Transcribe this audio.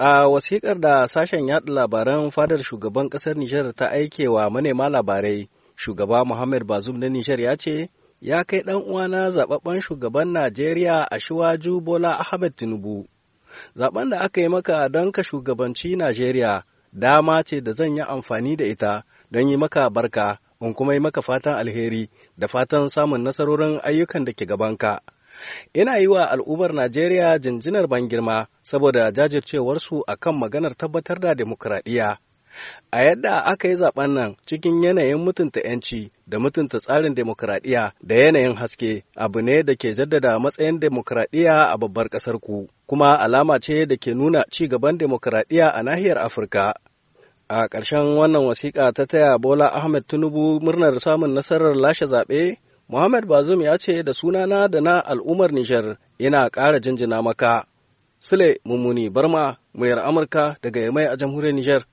A wasikar da sashen yaɗa labaran fadar shugaban ƙasar Nijar ta aike wa manema labarai, shugaba Muhammad Bazum na Nijar ya ce, Ya kai ɗan uwana zaɓaɓɓen shugaban Najeriya a shiwaju Bola Ahmed Tinubu. Zaɓen da aka yi maka don ka shugabanci Najeriya dama ce da zan yi amfani da ita don yi maka barka in kuma yi maka fatan alheri da fatan samun nasarorin ayyukan da ke gabanka. Ina yi wa al'umar Najeriya jinjinar ban girma saboda jajircewarsu a kan maganar tabbatar da demokuraɗiyya. A yadda aka yi zaɓen nan cikin yanayin mutunta 'yanci da mutunta tsarin demokuraɗiyya da yanayin haske abu ne da ke jaddada matsayin demokuraɗiyya a babbar ƙasar ku, kuma alama ce da ke nuna ci gaban demokuraɗiyya a nahiyar Afirka. A ƙarshen wannan wasiƙa ta taya Bola Ahmed Tinubu murnar samun nasarar lashe zaɓe Muhammad Bazum ya ce da sunana da na al'ummar Nijar yana ƙara jinjina maka. Sule Mummuni Barma, muryar Amurka daga Yamai a jamhuriyar Nijar.